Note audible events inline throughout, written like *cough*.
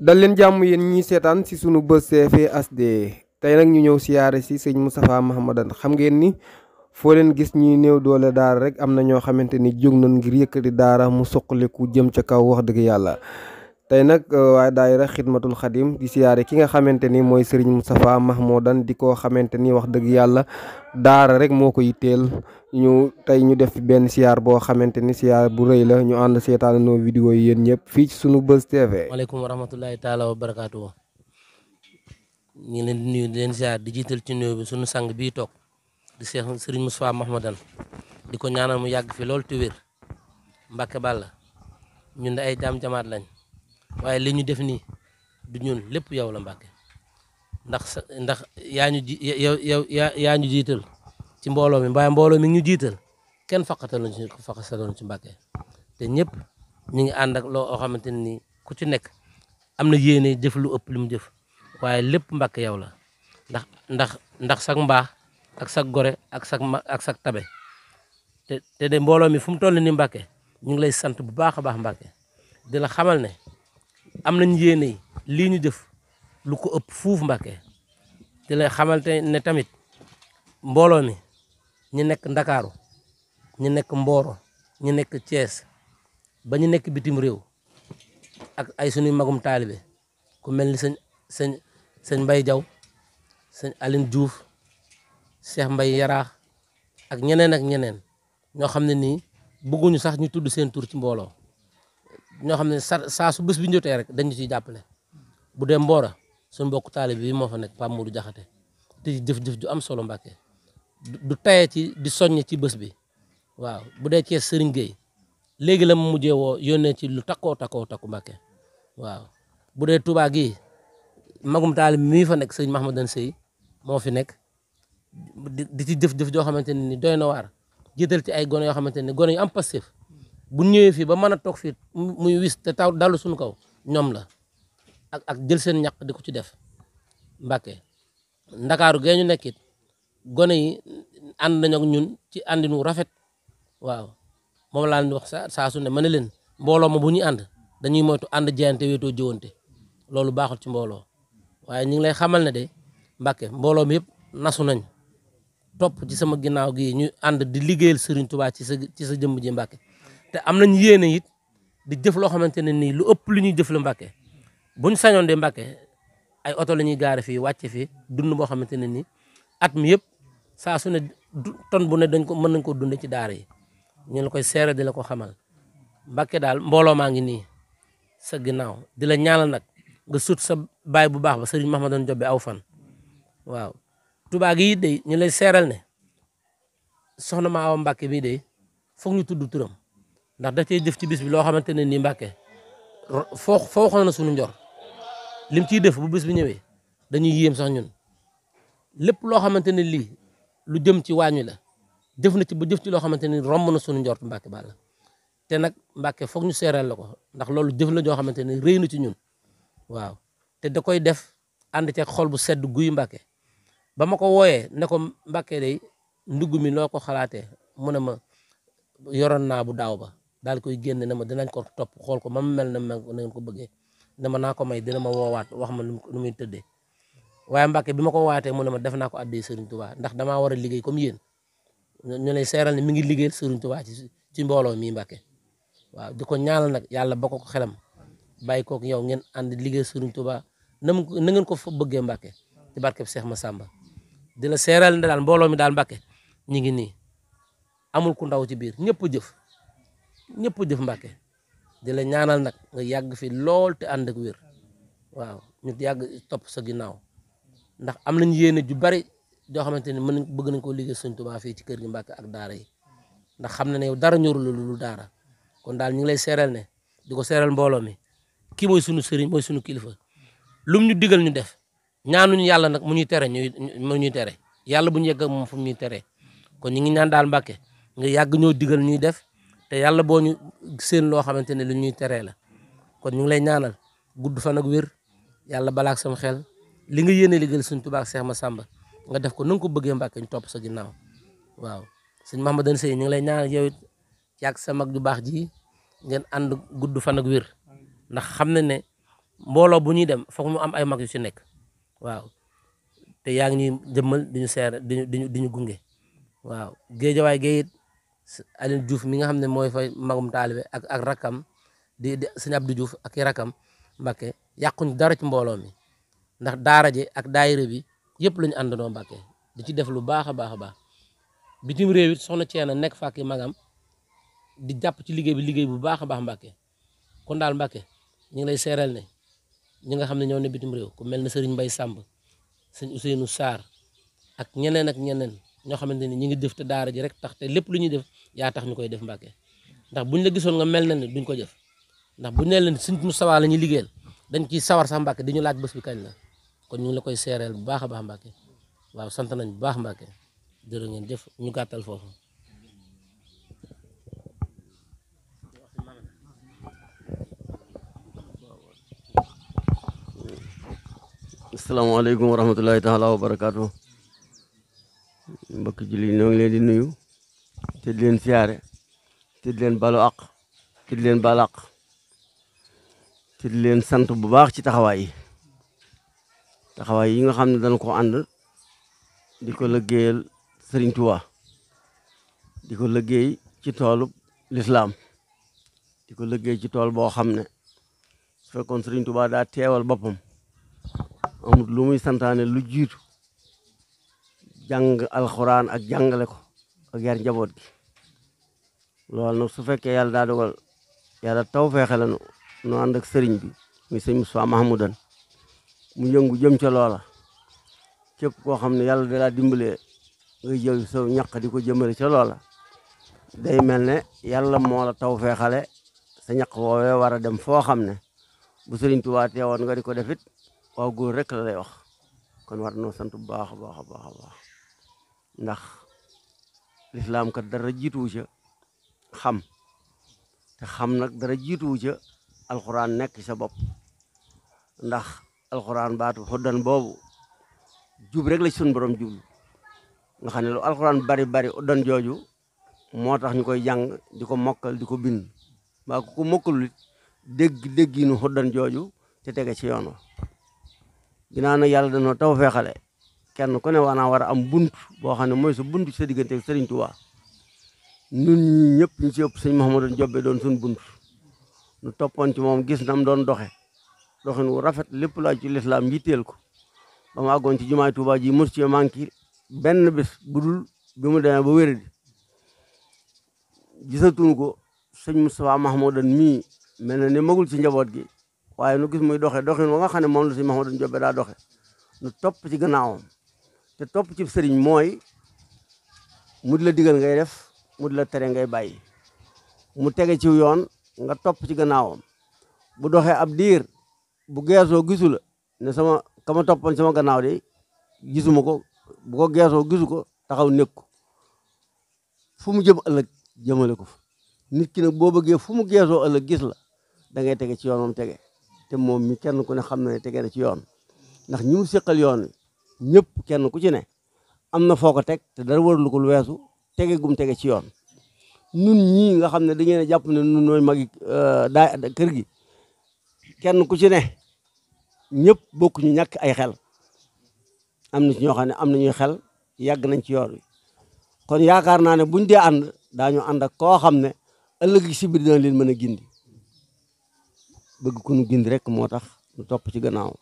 dal leen jàmm yéen ñi seetaan ci sunu bës CFASD tey nag ñu ñëw siyaare si sëñ Moustapha Mahamadan xam ngeen ni foo leen gis ñuy néew doole daara rek am na ñoo xamante ni jóg nañ ngir yëkkati daara mu soqaliku jëm ca kaw wax dëgg yàlla tey nag uh, waaye daayira xidmatul xadim di siyaare ki nga xamante ni mooy Serigne Moustapha Mahmoudan di ko xamante ni wax dëgg yàlla daara rek moo ko yitteel ñu tey ñu def benn siyaar boo xamante ni bu rëy la ñu ànd seetaanandoo vidéo yi yéen ñëpp fii ci sunu Buzz TV. waaleykum wa wa barakaatu. ñu leen di nuyu leen siyaar di jiital ci nuyu bi sunu sang bii toog di seex Serigne Moustapha Mahmoudan di ko ñaanal mu yàgg fi loolu te wér Mbacke Balla ñun de ay jaam jamaat lañ. waaye li ñu def nii du ñun lépp yow la Mbàkke ndax ndax yaa ñu yow yow yaa ñu jiital ci mbooloo mi mbaa mbooloo mi ñu jiital kenn faqataloon ci faqataloon ci Mbàkke te ñëpp ñu ngi ànd ak loo xamante ne nii ku ci nekk am na yéene jëf lu ëpp lu mu jëf waaye lépp Mbàkke yow la ndax ndax ndax sag mbaax ak sag gore ak sag ak sag tabe te te de mbooloo mi fu mu toll ni mbake ñu ngi lay sant bu baax a baax mbake di la xamal ne am nañ yéene lii ñu jëf lu ko ëpp fuuf mbake di la xamante ne tamit mbooloo mi ñu nekk Ndakaaru ñu nekk Mbooro ñu nekk Thiès ba ñu nekk bitim réew ak ay sunuy magum taalibe ku mel ni señ sëñ sëñ mbay jaw sëñ alin Diouf Cheikh mbay Yaraax ak ñeneen ak ñeneen ñoo xam ne nii bëgguñu sax ñu tudd seen tur ci mbooloo ñoo xam ne saa su bés bi njotee rek dañu ciy jàppale bu dee Mbora suñu mbokk taalib bi moo fa nekk Pape Modou Diakhaté te jëf-jëf ju am solo Mbàkke du tayee ci di soññ ci bés bi waaw bu dee Cees Serigne Gueye léegi la mu mujjee woo yónnee ci lu takkoo takkoo takku Mbàkke waaw bu dee Touba gii magum taalib mii fa nekk Serigne Mahamadan Sey moo fi nekk di ci jëf-jëf joo xamante ne ni doy na waar jiital ci ay gone yoo xamante ne gone yu am passif bu ñëwee fii ba mën a toog fii muy wis te taw dalu suñu kaw ñoom la ak ak jël seen ñaq di ko ci def mbàkke ndakaaru gee ñu nekkit gone yi ànd nañu ñun ci àndinu rafet waaw moom laa leen di wax sa saa ne ma ne leen mbooloo ma bu ñuy ànd dañuy moytu ànd jeyante wéetoo jëwante loolu baaxul ci mbooloo waaye ñu ngi lay xamal ne de mbàkke mbooloo mi yëpp nasu nañ topp ci sama ginnaaw gi ñu ànd di liggéeyal Serigne Touba ci sa ci sa jëmm ji mbàkke te am nañ yéene it di jëf loo xamante ne nii lu ëpp lu ñuy jëf mbake Mbàkke buñ sañoon de mbake ay oto la ñuy gaare fii wàcce fii dund boo xamante ne nii at mi yëpp saa su ne ton bu ne dañ ko mën nañ ko dund ci daara yi ñu la koy seere di la ko xamal mbake daal mbooloo maa ngi nii sa ginnaaw di la ñaanal nag nga sut sa baay bu baax ba sëriñ Mahmadan Jobbe aw fan waaw Tuubaa gi it de ñu lay seeral ne soxna ma awa Mbàkke bii de foog ñu tudd turam ndax da cey def ci bis bi loo xamante ne nii Mbàkke foo na suñu njor lim ciy def bu bis bi ñëwee dañuy yéem sax ñun lépp loo xamante ne lii lu jëm ci waañu la jëf na ci bu jëf ci loo xamante ni romb na sunu njort Mbàkke baal la te nag mbake foog ñu seereel la ko ndax loolu jëf la joo xamante ne réy na ci ñun waaw te da koy def ànd ceeg xol bu sedd guy mbake ba ma ko wooyee ne ko mbake day ndugg mi loo ko xalaatee mu ne ma yoroon naa bu daaw ba daal koy génne na ma dinañ ko topp xool ko mam mel na ma na ngeen ko bëggee dama naa ko may dina ma woowaat wax ma nu muy tëddee waaye mbake bi ma ko woowaatee mu ne ma def naa ko addee Serigne Touba ndax damaa war a liggéey comme yéen ñu lay seeral ne mi ngi liggéeyal Serigne Touba ci ci mbooloo mii waaw di ko ñaanal nag yàlla ba ko ko xelam bàyyi kook yow ngeen ànd liggéey Serigne Touba na mu na ngeen ko fa bëggee Mbàkke ci barkeb Seex ma di dina seeral ne daal mbooloo mi daal mbake ñu ngi nii amul ku ndaw ci biir ñëpp jëf. ñëpp jëf Mbàkke di la ñaanal nag nga yàgg fi lool te ànd ak wér waaw ñu yàgg topp sa ginnaaw ndax am nañ yéene ju bari joo xamante ni mën nañ bëgg nañ koo liggéey Sëñ fi fii ci kër gi Mbàkke ak daara yi ndax xam na ne yow dara ñorul la lu daara kon daal ñu ngi lay seeral ne di ko seeral mbooloo mi kii mooy sunu sëriñ mooy sunu kilifa lum ñu digal ñu def ñaanuñu yàlla nag mu ñu tere ñuy mu ñuy tere yàlla bu ñu yegg ak fu mu ñuy tere kon ñu ngi ñaan daal Mbàkke nga yàgg ñoo digal ñuy def te yàlla boo ñu seen loo xamante ne lu ñuy teree la kon ñu ngi lay ñaanal gudd fan ak wér yàlla balaak sama xel li nga yéene liggéeyal suñ tubaab Seex Masàmba nga def ko na nga ko bëggee Mbàkke topp sa ginnaaw waaw sëñ Mahamadan Sey ñu ngi lay ñaanal yow it yàgg sa mag ju baax ji ngeen ànd gudd fan ak wér ndax xam na ne mbooloo bu ñuy dem foog mu am ay mag yu ci nekk waaw te yaa ngi ñuy jëmmal di ñu seer di ñu di ñu gunge waaw Alioune Diouf mi nga xam ne mooy fay magum taalibe ak ak rakkam di di sëñ Abdou Diouf ak i rakkam Mbàkke yàquñ dara ci mbooloo mi ndax daara ak daayira bi yëpp lañu àndandoo Mbàkke di ci def lu baax a baax a baax bitim réew it soxna Ceena nekk fa ak i di jàpp ci liggéey bi liggéey bu baax a baax mbake kon daal Mbàkke ñu ngi lay seeral ne ñi nga xam ne ñoo ne bitim réew ku mel ne Serigne mbay Samb sëñ Ousseynou Sarr ak ñeneen ak ñeneen ñoo xamante ni ñi ngi def te rek tax te lépp def yaa tax ñu koy def Mbàkke ndax buñ la gisoon nga mel na ne duñ ko jëf ndax buñ nee leen suñ Moustapha la ñuy liggéeyal dañ ciy sawar sax Mbàkke di ñu laaj ba bi kañ la kon ñu ngi la koy seereel bu baax a baax Mbàkke waaw sant nañ bu baax Mbàkke jërë ngeen jëf ñu gàttal foofu. asalaamaaleykum wa rahmatulahi taala wa barakaatu mbokk ñoo ngi leen di nuyu. te leen siyaare te leen balu àq leen balu àq di leen sant bu baax ci taxawaay yi taxawaay yi nga xam ne dañ ko ànd di ko liggéeyal Sëriñ di ko liggéey ci toolu lislaam di ko liggéey ci tool boo xam ne su fekkoon Sëriñ Tuubaa daa teewal boppam amul lu muy santaane lu jiitu jàng alxuraan ak jàngale ko ak yar njaboot gi loolu nag su fekkee yàlla daa dogal yàlla taw feexe la ànd ak sëriñ bi muy sëñ Moussa Mahmoudan mu yëngu jëm ca loola képp koo xam ne yàlla dalaa dimbalee nga jël sa ñaq di ko jëmale ca loola day mel ne yàlla moo la taw feexale sa ñaq woowee war a dem foo xam ne bu sëriñ Tuubaa teewoon nga di ko defit waaw góor rek la lay wax kon war noo sant bu baax a baax baax baax ndax lislaam kat dara jiituwu ca xam te xam nag dara jiituwu ca alxuraan nekk sa bopp ndax alxuraan baatu xuddan boobu jub rek la ci sunu borom nga xam ne lu alxuraan bari bari xuddan jooju moo tax ñu koy jàng di ko mokkal di ko bind mbaa ku ko mokkalu it dégg dégg yi jooju te tege ci yoon wa ginnaaw nag yàlla danoo taw feexale kenn ko ne war war a am bunt boo xam ne mooy sa bunt sa diggante ak Serigne Touba ñun ñii ñëpp ñu ci ëpp sëñ Mouhamadou Diobé doon bunt ñu toppoon ci moom gis nam doon doxe doxin wu rafet lépp laa ci lislaam yitteel ko ba ci jumaay ji mos ci benn bés bu dul bi mu demee ba wéradi gisatuñu ko sëñ Moustapha Mahmoudan mii mel na ne magul ci njaboot gi waaye nu gis muy doxe doxin wa nga xam ne moom la sëñ Mahmoudan Diobé daa doxe nu topp ci gannaawam te topp ci sëriñ mooy mu di la digal ngay def mu di la tere ngay bay mu tege ci yoon nga topp ci gannaawam bu doxee ab diir bu geesoo gisu la ne sama kama toppoon sama gannaaw de gisuma ko bu ko geesoo gisu ko taxaw nekk ko fu mu jëm ëllëg jëmale ko fa nit ki nag boo bëggee fu mu geesoo ëllëg gis la da ngay tege ci yoon moom tege te moom mi kenn ku ne xam na ne tege na ci yoon ndax ñi mu seqal yoon wi ñëpp kenn ku ci ne am na foo teg te dara warul ko lu weesu tege gum tege ci yoon nun ñii nga xam ne dañu ne jàpp ne nun nooy magi euh, daa kër gi kenn ku ci ne ñëpp bokk ñu ñàkk ay xel am na ci ñoo xam ne am na ñuy xel yàgg nañ ci yoon wi kon yaakaar naa ne buñ dee ànd daañu ànd ak koo xam ne ëllëg si biir dina leen mën a gindi bëgg ku ñu gindi rek moo tax ñu topp ci gannaaw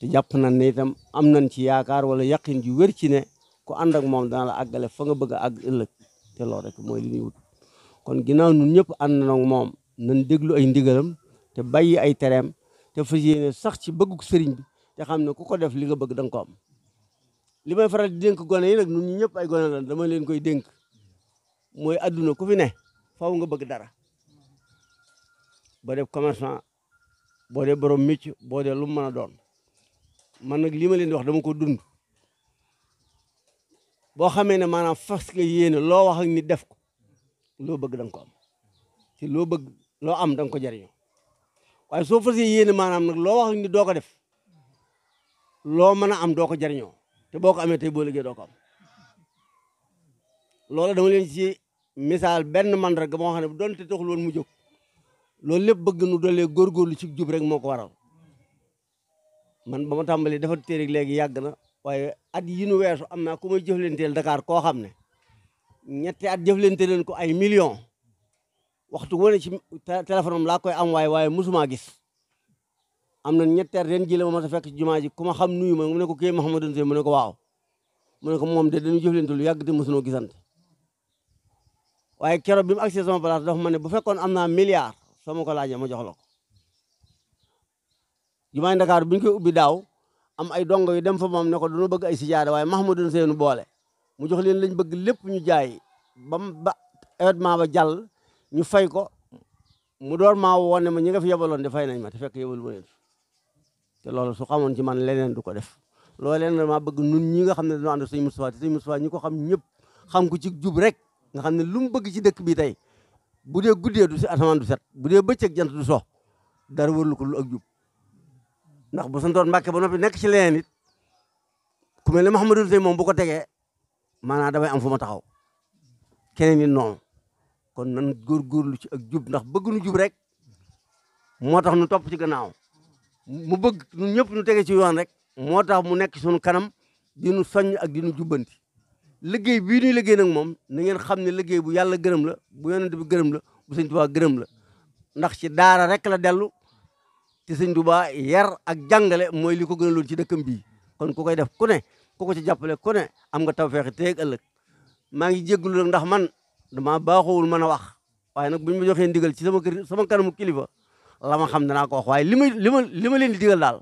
te jàpp nañ ne itam am nañ ci yaakaar wala yaqin ju wér ci ne ku ànd ak moom dana la àggale fa nga bëgg a ëllëg te loo rek mooy li ñuy wut kon ginnaaw ñun ñëpp ànd na moom nañ déglu ay ndigalam te bàyyi ay tereem te fas yéene sax ci bëgguk sëriñ bi te xam ne ku ko def li nga bëgg dang nga ko am li may faral dénk gone yi nag ñun ñëpp ay gone lan dama leen koy dénk mooy adduna ku fi ne faw nga bëgg dara boo dee commerçant boo dee borom métier boo dee lu mën a doon man nag li ma leen di wax dama ko dund boo xamee ne maanaam fas nga yéene loo wax ak nit def ko loo bëgg da ko am te loo bëgg loo am da ko jariñoo waaye soo fas yéene maanaam nag loo wax ak nit doo ko def loo mën a am doo ko jariñoo te boo ko amee tey boo liggéey doo ko am loolu dama leen ci misaal benn man rek moo xam ne te taxul woon mu jóg loolu lépp bëgg nu doolee lu ci jub rek moo ko waral man ba ma tàmbali dafa téerig léegi yàgg na waaye at yi nu weesu am naa ku may jëflanteel Dakar koo xam ne ñetti at jëflante leen ko ay millions waxtu wane ci téléphone am laa koy am waaye waaye mosumaa gis am na ñetti at ren ji la ma mas fekk ci jumaa ji ku ma xam nuyu ma mu ne ko kii Mouhamadou Seye mu ne ko waaw mu ne ko moom de dañu jëflante lu yàgg te mosunoo gisante waaye keroog bi mu agsee sama place dafa ma ne bu fekkoon am naa milliard soo ma ko laajee ma jox la ko jumaay Ndakaaru bu ñu koy ubbi daaw am ay dongo yu dem fa moom ne ko dañoo bëgg ay sijaada waaye doon seenu boole mu jox leen lañ bëgg lépp ñu jaay ba ba événement ba jàll ñu fay ko mu door maa woon ne ma ñi nga fi yebaloon de fay nañ ma te fekk yebal ma leen te lool su xamoon ci man leneen du ko def loolu leneen dama bëgg nun ñi nga xam ne dañoo ànd ak sëñ Moustapha te sëñ Moustapha ñi ko xam ñëpp xam ko ci jub rek nga xam ne lu mu bëgg ci dëkk bi tey bu dee guddee du si asamaan du bu dee bëccëg jant du so dara wërlu ko lu ak jub ndax bu santoon Mbàkke ba noppi nekk ci leneen it ku mel ne Mouhamadou Tey moom bu ko tegee maanaam damay am fu ma taxaw keneen it noonu kon nan góorgóorlu ci ak jub ndax bëgg nu jub rek moo tax nu topp ci gannaaw mu bëgg ñun ñëpp ñu tege ci yoon rek moo tax mu nekk suñu kanam di nu ak di nu jubbanti liggéey bii ñuy liggéey nag moom na ngeen xam ne liggéey bu yàlla gërëm la bu yonent bi gërëm la bu sëñ Tuubaa gërëm la ndax ci daara rek la dellu te sëñ Tuubaa yar ak jàngale mooy li ko gënaloon ci dëkkam bii kon ko koy def ku ne ku ko ci jàppale ku ne am nga tawfeex teeg ëllëg maa ngi jégalu nag ndax man dama baaxoowul mën a wax waaye nag bu ñu ma joxee ndigal ci sama kër sama kanamu kilifa ma xam danaa ko wax waaye li ma li ma li ma leen di digal daal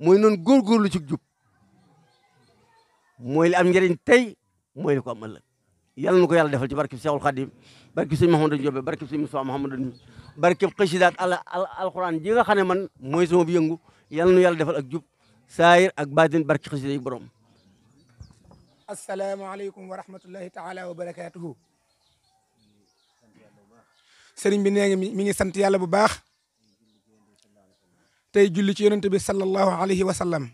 mooy noonu góorgóorlu ci jub mooy li am njëriñ tey mooy li ko am ëllëg yàlla na ko yàlla defal ci barki Seexul Xadim barki sëñ Mahamadou Jobe barki sëñ Moussa Mahamadou barkeb xësidaat al alquran ji nga xam ne man mooy sama bi yëngu yal nu yàlla defal ak jub saayir ak baatin barke xësida yi borom asalaamaaleykum wa rahmatullahi taala wa barakaatuhu sëriñ bi nee ngi mi ngi sant yàlla bu baax tey julli ci yonente bi sallallahu alayhi wa sallam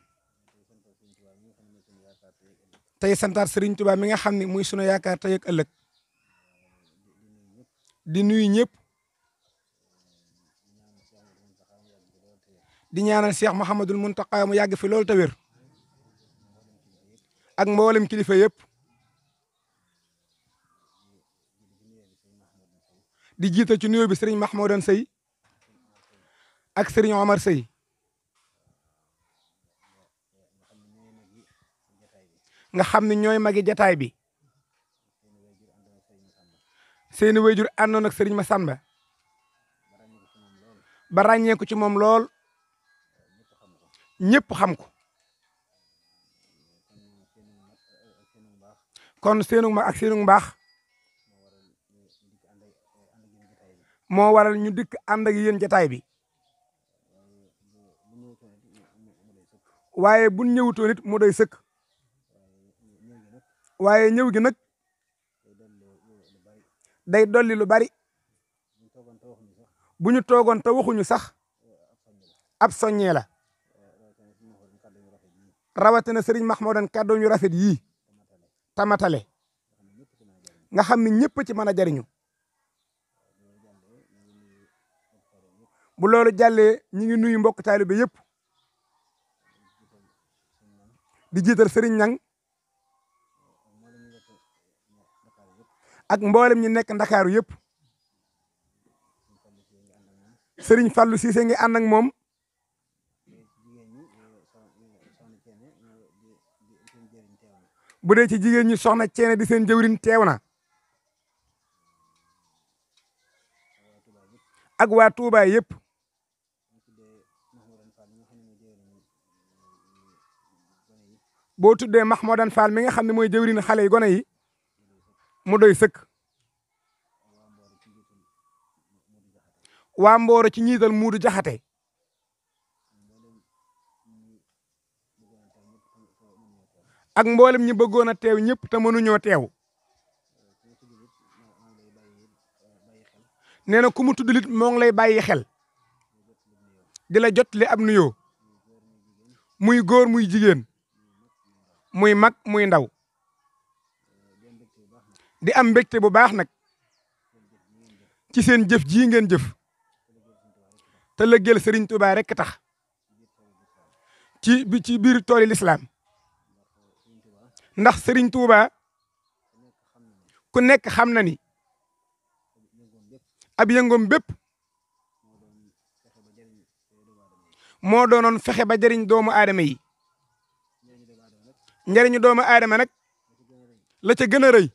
tey santaat sëriñ Tuubaa mi nga xam ne muy sunu yaakaar tey ak di nuyu ñëpp di ñaanal Cheikh Mouhamadul Mountakha mu yàgg fi loolu te wér ak mboolem kilifa yëpp di jiita ci nuyoo bi sëriñ Mahmoudan Seye ak sëriñ Omar Seye nga xam ne ñooy magi jataay bi seeni wéyjur àndoon ak sëriñ Massamba ba ràññeeku ci moom lool ñëpp xam ko kon seenu ma ak seenu mbaax moo waral ñu dikk ànd ak yéen jataay bi waaye bu ñëwutoon mu doy sëkk waaye ñëw gi nag day dolli lu bari bu ñu toogoon te waxuñu sax ab soññee la rawatina Serigne Mahmoudan kàddu yu rafet yii tamatale nga xam ni ñëpp ci mën a jariñu bu loolu jàllee ñi ngi nuyu mbokk taalibe yëpp di jiital Serigne Ñang ak mboolem ñi nekk Ndakaaru yëpp Serigne Fallou Cissé ngi ànd moom. bu dee ci jigéen ñi soxna ceene di seen jëwrin teew na ak waa Touba yëpp boo tuddee Mahmoudan Fall mi nga xam ne mooy jëwrin xale yi gone yi mu doy sëkk waa Mbooro ci njiital muudu jaxate ak mboolem ñi bëggoon a teew ñëpp te ñoo teew nee na ku mu tudd lit moo ngi lay bàyyi xel di la jot jottali ab nuyoo muy góor muy jigéen muy mag muy ndaw di am mbégte bu baax nag ci seen jëf jii ngeen jëf te lëggeel Sëriñ Tuubaa rekk tax ci bi ci biir tooli lislaam ndax sëriñ Touba ku nekk xam na ni ab yëngoom bépp moo doonoon fexe ba jëriñ doomu aadama yi njëriñu doomu aadama nag la ca gën a rëy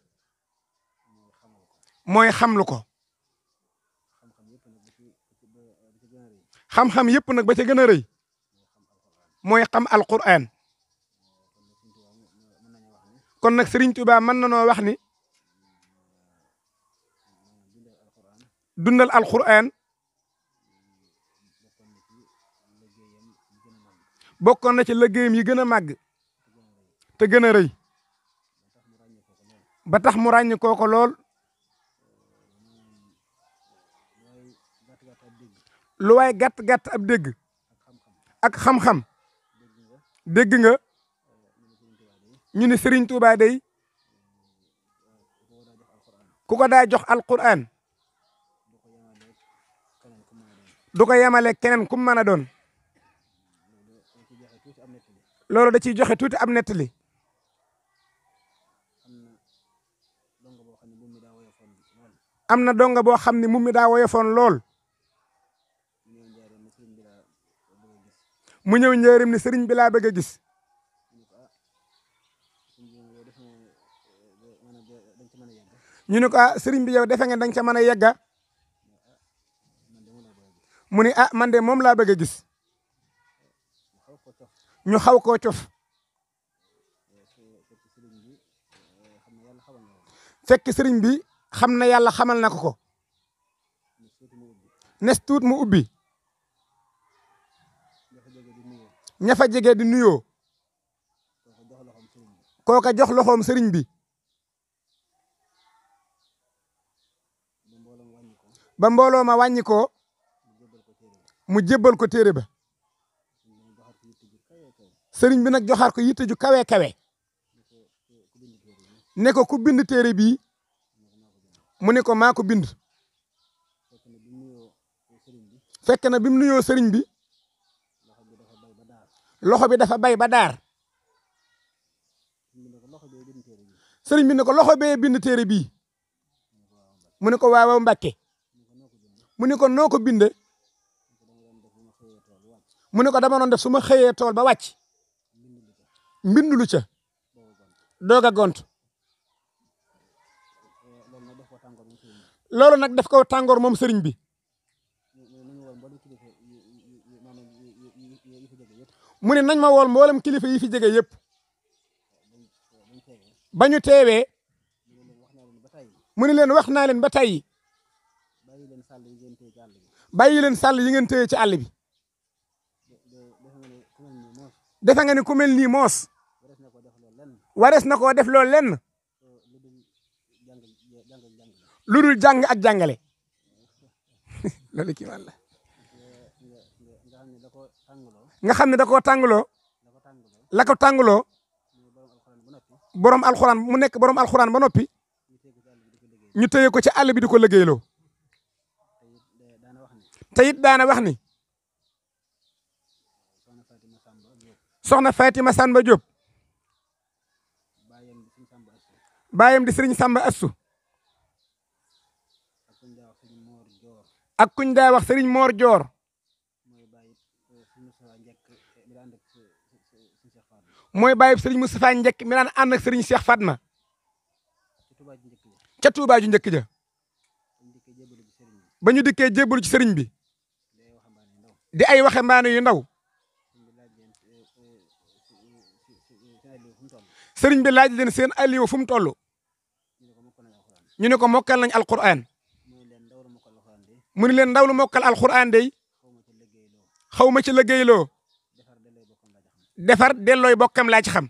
mooy xamlu ko xam-xam yëpp nag ba ca gën a rëy mooy xam alquran kon nag Serigne Touba mën na noo wax ni dundal alquran bokkoon na ci liggéeyam yi gën a màgg te gën a rëy ba tax mu ràññ ko lool lu waay gàtt-gàtt ab dégg ak xam-xam dégg ñu ne Serigne Touba day ku ko daa jox alquran du ko yemale keneen ku mën a doon loolu da ciy joxe tuuti am nettali am na donga boo xam ne mum mi daa woyofoon lool mu ñëw njëriñ ni sëriñ bi laa bëgg a gis ñu ne ko ah sëriñ bi yow defe nga dañ nga mën a yegga mu ne ah man de moom laa bëgg a gis ñu xaw koo cof fekk sëriñ bi xam na yàlla xamal na ko ko nes tuut mu ubbi ña jege di nuyoo kooka jox loxoom sëriñ bi ba mbooloo ma wàññi ko mu jébbal ko téere ba sëriñ bi nag joxaat ko yitte ju kawe kawe ne ko ku bind téere bi mu ne ko maa ko bind fekk na bi mu nuyoo sëriñ bi loxo bi dafa bay ba daar sëriñ bi ne ko loxo bee bind téere bi mu ne ko waaw Mbàkke mu ne ko noo ko bindee mu ne ko dama doon def su ma xëyee tool ba wàcc mbindu lu ca doog a gont loolu nag def ko tàngoor moom sëriñ bi mu ne nañ ma wol mboolem kilifa yi fi jege yëpp ba ñu teewee mu ne leen wax naa leen ba tey bàyyi leen sàll yi ngeen téye ci àll bi defe nga ni ku mel nii moos warees na koo def loolu lenn lu dul jàng ak jàngale *laughs* loolu kii wàll nga xam ne da koo tàngaloo la ko tàngaloo borom alxuraan mu nekk borom alxuraan ba noppi ñu téye ko ci àll bi di ko liggéeyloo te it daana wax ni soxna Fatima Samba Diop baayam di Serigne Samba Assu ak kuñ daa wax Serigne Mor Dior mooy bàyyi Serigne Moustapha Njekk mi daan ànd ak Serigne Cheikh Fatma ca Touba ju njëkk ja ba ñu dikkee jébbalu ci Serigne bi. di ay waxambaane yu ndaw sëriñ bi laaj leen seen aliwu fu mu toll ñu ne ko mokkal nañ alquran mu ne leen ndaw lu mokkal alquran day xaw ma ci liggéeyloo defar dellooy bokkam laa ci xam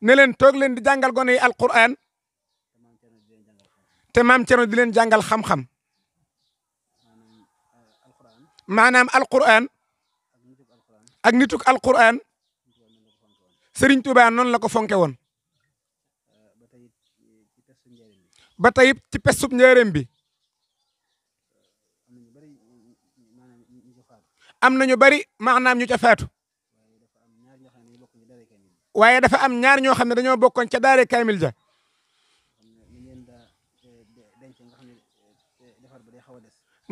ne leen toog leen di jàngal gone yi alquran te maam Cerno di leen jàngal xam maanaam alquran ak nituk alquran Serigne Touba noon la ko fonke woon ba tey ci pesub njëreem bi am na ñu bari maanaam ñu ca faatu waaye dafa am ñaar ñoo xam ne dañoo bokkoon ca daare kaamil ja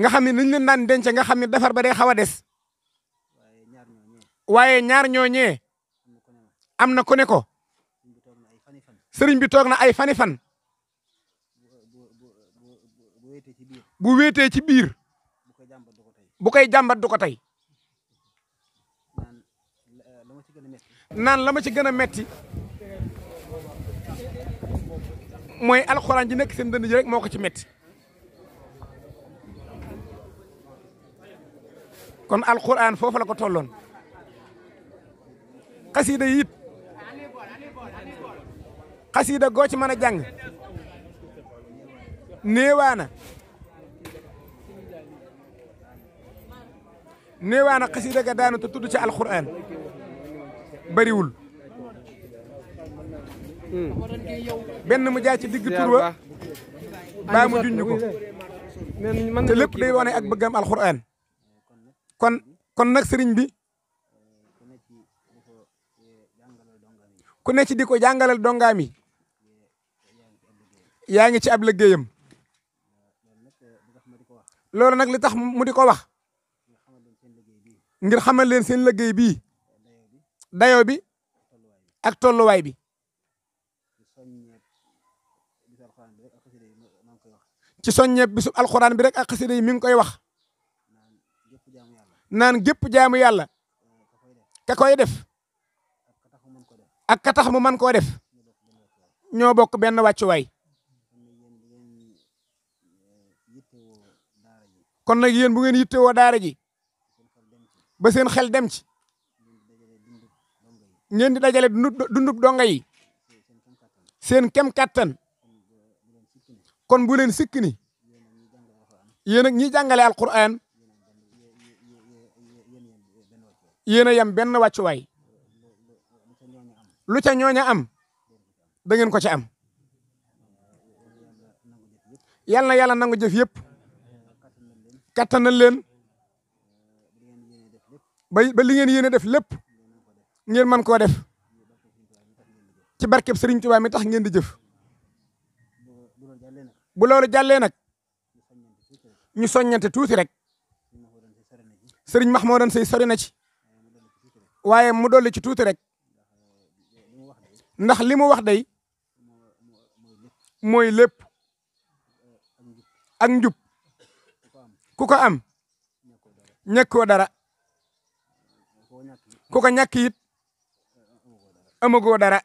nga xam ne nuñ leen daan denc nga xam ne defar ba day xaw a des waaye ñaar ñooñee am na ku ne ko sëriñ bi toog na ay fani fan bu wéetee ci biir bu koy jàmbat du ko tey naan la ma ci gën a metti mooy alxuraan ji nekk seen dënd ji rek moo ko ci metti kon alxuraan foofu la ko tolloon xasida yi it xasida goo ci mën a jàng néewaana néewaana xasida ga daanu te tudd ci alquran bariwul benn mu jaay ci digg tur wa baa mu junj ko te lépp day wane ak bëggam alquran kon kon nag sëriñ bi ku ne ci di ko jàngalal dongaam yi yaa ngi ci ab liggéeyam loolu nag li tax mu di ko wax ngir xamal leen seen liggéey bii dayoo bi ak tolluwaay bi ci soññeeb bisub alxuraan bi rek ak xasida yi mi ngi koy wax naan gépp jaamu yàlla ka koy def ak ka mu man koo def ñoo bokk benn wàccuwaay kon nag yéen bu ngeen yittewoo daara ji ba seen xel dem ci ngeen di dajale dundub donga yi seen kem kàttan kon bu leen sikk ñi jàngale alquran yéen a yem benn wàccuwaay lu ca ñooña am da ngeen ko ca am yal na yàlla nangu jëf yëpp kattanal leen ba ba li ngeen yéene def lépp ngeen mën koo def ci barkeb Sëriñ Tuubaa mi tax ngeen di jëf bu loolu jàllee nag ñu soññante tuuti rek Sëriñ Mahmoudan Sey sori na ci waaye mu dolli ci tuuti rek ndax li wax day mooy lépp ak njub ku ko am ñàkkoo dara ku ko ñàkk it amagoo dara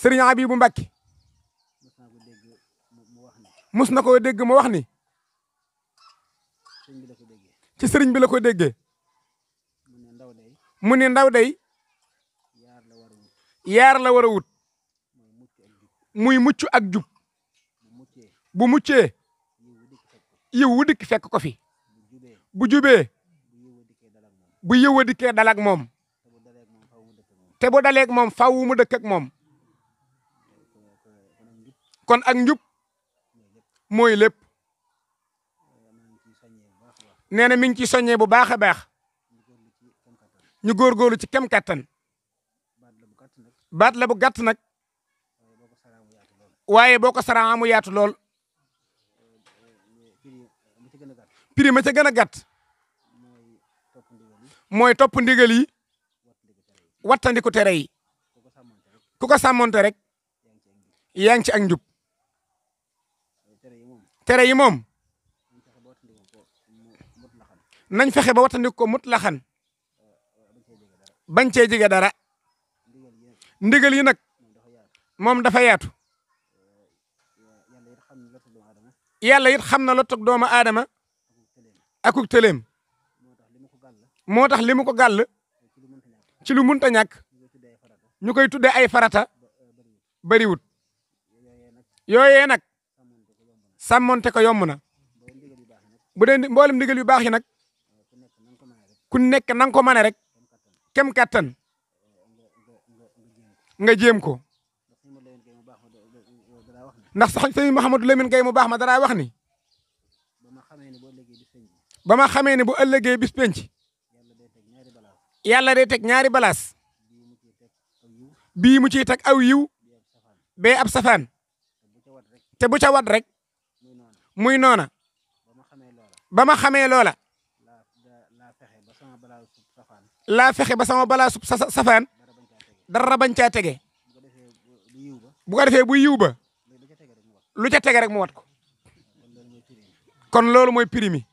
sëriñ Abibu Mbàkke mus na ko dégg mu wax ni ci sëriñ bi la ko déggee mu ni ndaw day yaar la war a wut muy mucc ak jub bu muccee yiw wu dikk fekk ko fi bu jubee bu yiw wa dikkee dalak moom te bu daleeg moom faw mu dëkk ak moom kon ak njub mooy lépp nee na mi ciy soññee bu baax a baax ñu góorgóorlu ci kem kàttan baat la bu gàtt nag waaye boo ko saraan amu yaatu lool prix ma ca gën a gàtt mooy topp ndigal yi wattandiku tere yi ku ko sàmmonte rek yaa ngi ci ak njub tere yi moom nañ fexe ba wattandiku ko mut laxan bañ cee jege dara ndigal yi nag moom dafa yaatu yàlla it xam na lotug doomu aadama akuk tëleem moo tax li mu ko gàll ci lu munta ñàkk ñu koy tuddee ay farata bariwut yooyee nag sàmmonte ko yomb na bu dee mboolem ndigal yu baax yi nag ku nekk na nga ko mane rek kem kattan nga jéem ko ndax sax sëñ Mouhamadou Lamine Gaye mu baax ma dara wax ni ba ma xamee ne bu ëllëgee bis penc yàlla day teg ñaari balaas bii mu ci teg aw yiw bee ab safaan te bu ca wat rek muy noona ba ma xamee loola laa fexe ba sama balaa sub safaan dara bañ caa tege bu ko defee bu yiw ba lu ca tege rek mu wat ko kon loolu mooy primi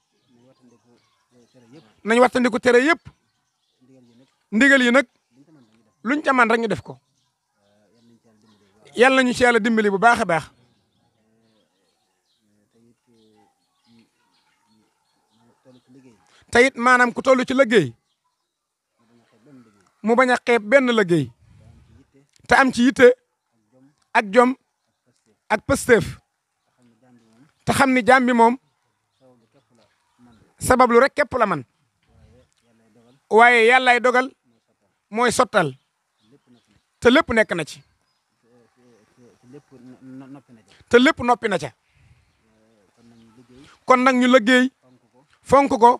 nañ wattandiku tere yëpp ndigal yi nag luñ ca man rek ñu def ko yàlla nañu ci yàlla dimbali bu baax a baax te it maanaam ku toll ci liggéey mu bañ a xeeb benn liggéey te am ci yitte ak jom ak pësteef te xam ni jaam bi moom sabab lu rek képp la man waaye yàllaay dogal mooy sottal te lépp nekk na ci te lépp noppi na ca kon nag ñu liggéey fonk ko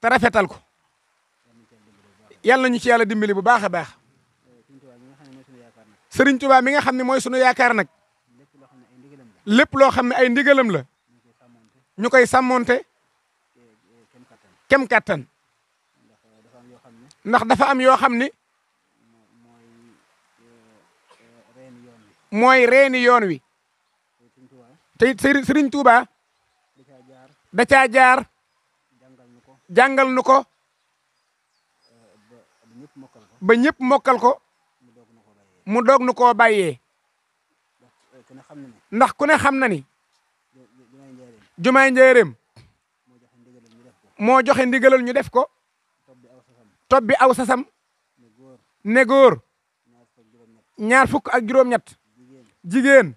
te rafetal ko yàlla nañu ci yàlla dimbali bu baax a baax Serigne Touba mi nga xam ne mooy sunu yaakaar nag lépp loo xam ne ay ndigalam la ñu koy sàmmonte kem kattan ndax dafa am yoo xam ne mooy reeni yoon wi te Serigne Touba da caa jaar jàngal nu ko. ba ñëpp mokkal ko mu doog nu koo bàyyee ndax ku ne xam na ni jumaay njëreem moo joxe ndigalal ñu def ko topp bi aw sasam ne góor ñaar fukk ak juróom-ñett jigéen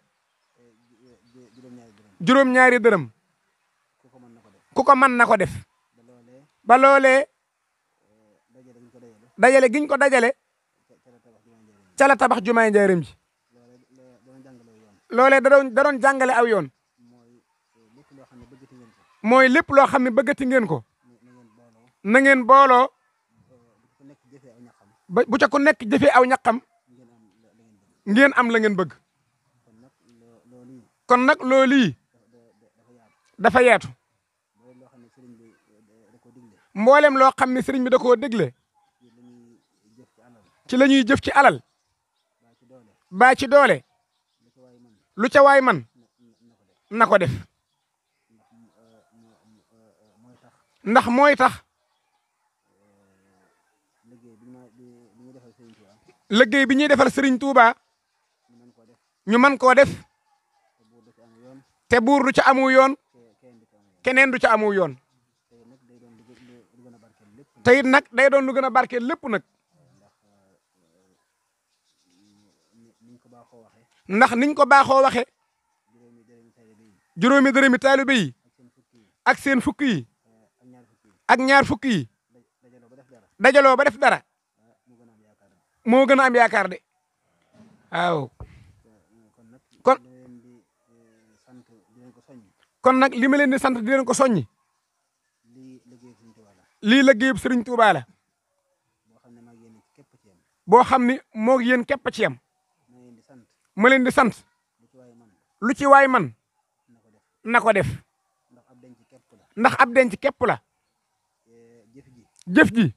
juróom-ñaari dërëm ku ko mën na ko def ba loolee dajale giñ ko dajale ca tabax jumaay njaareem ji loolee da doon da doon jàngale aw yoon mooy lépp loo xam ne bëggati ngeen ko na ngeen booloo ba bu ca nekk jëfee aw ñaqam ngeen am la ngeen bëgg kon nag loolu yi dafa yaatu mboolem loo xam ne sëriñ bi da koo dégle ci la ñuy jëf ci alal baa ci doole lu ca waay man na ko def ndax mooy tax liggéey bi ñuy defal Serigne Touba ñu mën koo def te buur du ca amu yoon keneen du ca amu yoon te it nag day doon lu gën a barkeel lépp nag. ndax niñ ko baaxoo waxee juróomi dërëmi taalibe yi ak seen fukk ak ñaar fukk yi dajaloo ba def dara moo gën a am yaakaar de waaw kon kon nag li ma leen di sant di leen ko soññi lii liggéeyub Sëriñ Tuubaa la boo xam ne moog yéen képp ci yem ma leen di sant lu ci waay man na ko def ndax ab denc képp la jëf ji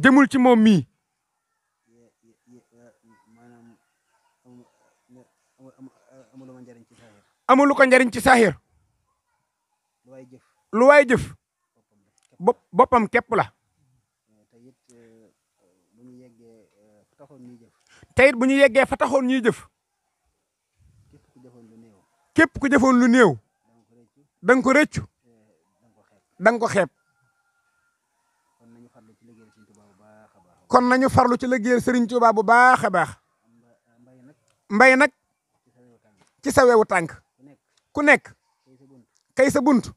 jëmul ci moom mii amulu ko njariñ ci saaxir lu waay jëf boppam képp la te bu ñu yeggee fa taxoon ñuy jëf képp ku jëfoon lu néew da nga ko rëccu da nga ko xeeb kon nañu farlu ci liggéeyal sëriñ Touba bu baax a baax mbay nag ci sa wewu tànk ku nekk kay sa bunt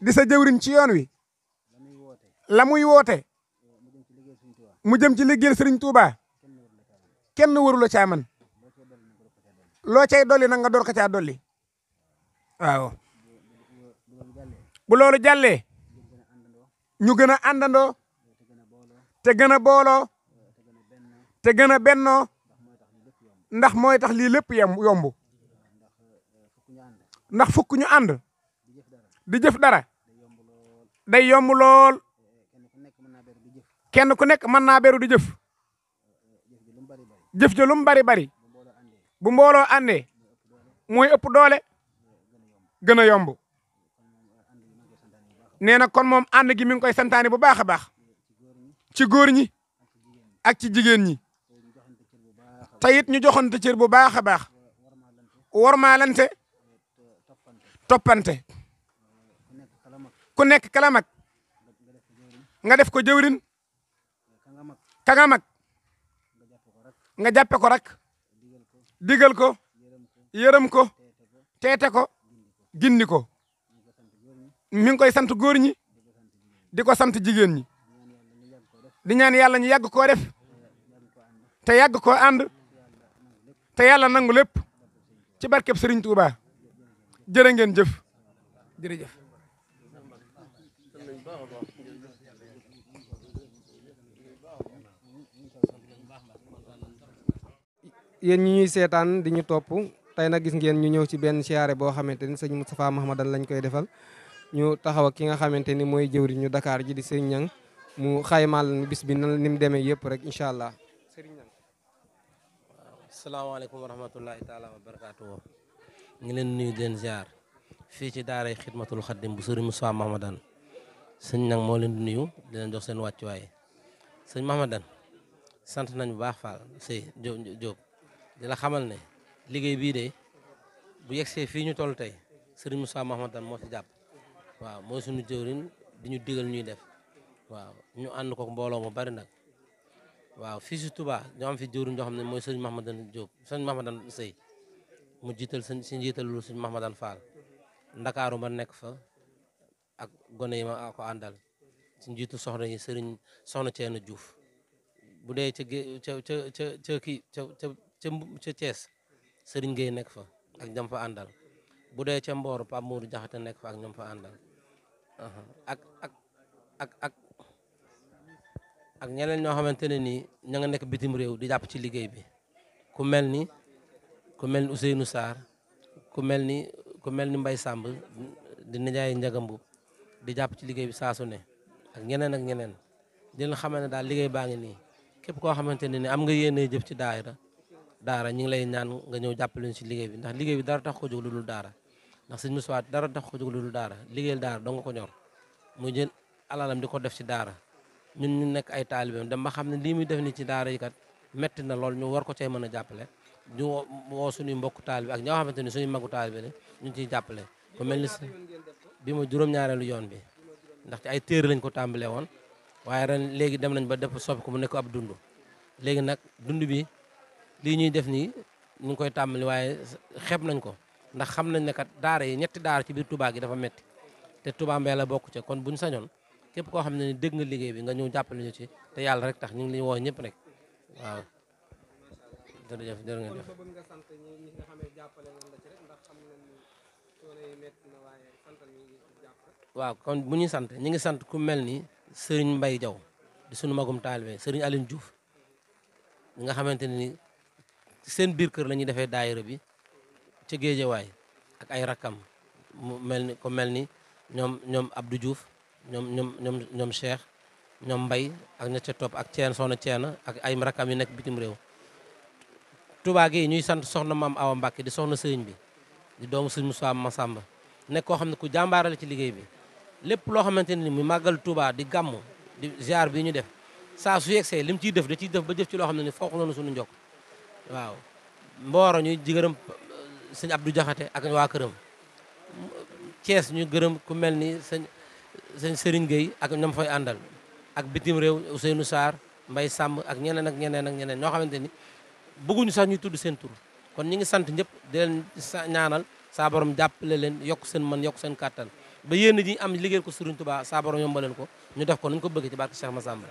di sa jëwriñ ci yoon wi la muy woote mu jëm ci liggéeyal Serigne Touba kenn waru la caa man loo cay dolli nanga nga door ko caa dolli waaw. bu loolu jàllee ñu gën a àndandoo te gën a booloo te gën a bennoo ndax mooy tax lii lépp yem yomb ndax fukk ñu ànd di jëf dara day yomb lool. kenn ku nekk mën naa beru di jëf jëf ja lu mu bari bari bu mbooloo àndee mooy ëpp doole gën a yomb nee na kon moom ànd gi mi ngi koy santaane bu baax a baax ci góor ñi ak ci jigéen ñi te it ñu joxante cër bu baax a baax wormaalante toppante ku nekk kala mag nga def ko jëwrin ka nga mag nga jàppe ko rek digal ko yërëm ko teete ko gindi ko mi ngi koy sant góor ñi di ko sant jigéen ñi di ñaan yàlla ñu yàgg koo def te yàgg koo ànd te yàlla nangu lépp ci barkeb Serigne Touba jërë ngeen jëf yéen ñi ñuy seetaan di ñu topp tey nag gis ngeen ñu ñëw ci benn siyaare boo xamante ni sëñ Moustapha Mahamadan lañ koy defal ñu taxaw ki nga xamante ni mooy jëwriñu Dakar ji di sëñ Ñang mu xaymaal bis bi nan ni mu demee yëpp rek incha allah sëriñ Ñang waaw salaamaaleykum wa rahmatullahi taala wa barakaatuhu ngi leen nuyu den ziar fii ci daaray xidmatul xaddim bu sëriñ Moustapha Mahamadan sëñ Ñang moo leen di nuyu di leen jox seen wàccuwaay sëñ Mahamadan sant nañ bu baax Fall Sey Jóob di la xamal ne liggéey bii de bu yegsee fii ñu toll tey sëriñ Moussa Mahamadan moo ci jàpp waaw mooy suñu jëwriñ di ñu digal ñuy def waaw ñu ànd ko mbooloo mu bari nag waaw fii sutubaa Touba ñu am fi jëwriñ ñoo ne mooy sëriñ Mahamadan Diop sëriñ Mahamadan Sey mu jiital sëñ si njiitalul sëriñ Mahamadan Fall ndakaaru ma nekk fa ak gone yi ma ko àndal si njiitu soxna yi sëriñ soxna Ceenu Diouf bu dee ca ca ca ca Thiès Serigne nekk fa ak ñam fa àndal bu dee ca Mbour Pape Modou Diakhaté nekk fa ak ñam fa àndal ak ak ak ak ñeneen ñoo xamante ne nii ña nga nekk bitim réew di jàpp ci liggéey bi ku mel ni ku mel ni Ousseynou Sarr ku mel ni ku mel ni Mbaye Samb di nijaay njagambu di jàpp ci liggéey bi saa ne ak ñeneen ak ñeneen di leen ne daal liggéey baa ngi nii képp koo xamante ne nii am nga yéene jëf ci daayira daara ñu ngi lay ñaan nga ñëw jàppale ñu si liggéey bi ndax liggéey bi dara tax ko jóg lu dul daara ndax sëñ Moussa dara tax ko jóg lu dul daara liggéeyal daara dong nga ko ñor mu jël alalam di ko def ci daara ñun ñu nekk ay taalibeem dem ba xam ne lii muy def ni ci daara yi kat metti ñu war ko cee mën a jàppale ñu woo suñuy mbokku taalibe ak ñoo xamante ni suñu magu taalibe ñu ciy jàppale ku mel ni bi ma juróom-ñaareelu yoon bi ndax ci ay téere lañ ko tàmbalee woon waaye ren léegi dem nañ ba def soppi ko mu nekk ab dund léegi nag dund bi lii ñuy def nii ñu ngi koy tàmbali waaye xeb nañ ko ndax xam nañ ne kat daara yi ñetti daara ci biir Touba gi dafa metti te Touba Mbella bokk ca kon buñ sañoon képp koo xam ne ni dégg nga liggéey bi nga ñëw jàppale ci te yàlla rek tax ñu ngi woo ñëpp rek waaw kon bu ñuy sant ñi ngi sant ku mel ni sëriñ mbay jaw di sunu magum taalibe Serigne Aline Diouf nga xamante ci seen biir kër la ñuy defee daayira bi ci géejewaay ak ay rakkam mu mel ni ko mel ni ñoom ñoom Abdou Diouf ñoom ñoom ñoom ñoom ñoom Mbay ak ña ca topp ak ceen soxna ceena ak ay rakkam yu nekk bitim réew Touba gi ñuy sant soxna maam aw Awa Mbàkke di soxna sëriñ bi di doomu am ma sàmba nekk koo xam ne ku jàmbaarale ci liggéey bi lépp loo xamante ni muy màggal tubaa di gàmmu di ziar bi ñu def saa su yegsee li ciy def da ciy def ba jëf ci loo xam ne ni foofu noonu waaw mbooro ñu di gërëm sëñ Abdou Jaxate ak waa këram Thiès ñu gërëm ku mel ni sëñ sëñ Serigne ak ñoom fay àndal ak bitim réew Ousseynou saar Mbaye Samb ak ñeneen ak ñeneen ak ñeneen ñoo xamante ni bëgguñu sax ñu tudd seen tur kon ñi ngi sant ñëpp di leen ñaanal saa borom jàppale leen yokk seen man yokk seen kàttan ba yéen ji am liggéeyal ko Serigne Touba saa borom yombaleen ko ñu def ko nañu ko bëggee ci barke Cheikh Massamba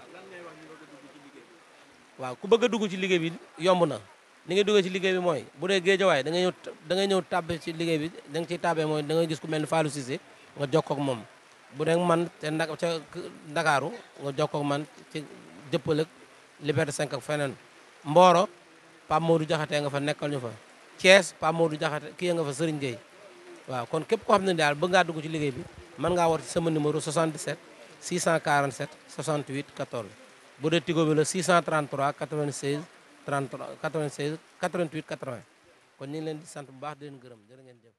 waaw ku bëgg a dugg ci liggéey bi yomb na ni ngay duggee ci liggéey bi mooy bu dee géejawaay da ngay ñëw da ngay ci liggéey bi da nga ciy tàbbee mooy da ngay gis ku mel ni Fallou Cissé nga jokkoo ak moom bu dee man te nda ca Ndakaaru nga jokkoo ak man ci jëppal ak Liberté 5 ak feneen Mboro Pape Modou Diakhaté nga fa nekkal ñu fa Thiès Pape Modou Diakhaté kii nga fa Serigne Gueye waa kon képp koo xam ne daal bëgg ngaa dugg ci liggéey bi mën ngaa war ci sama numéro 77 647 68 14 bu dee Tigo bi la 33 96 88 80 kon ñu ngi leen di sant bu baax di leen gërëm jërë ngeen jëf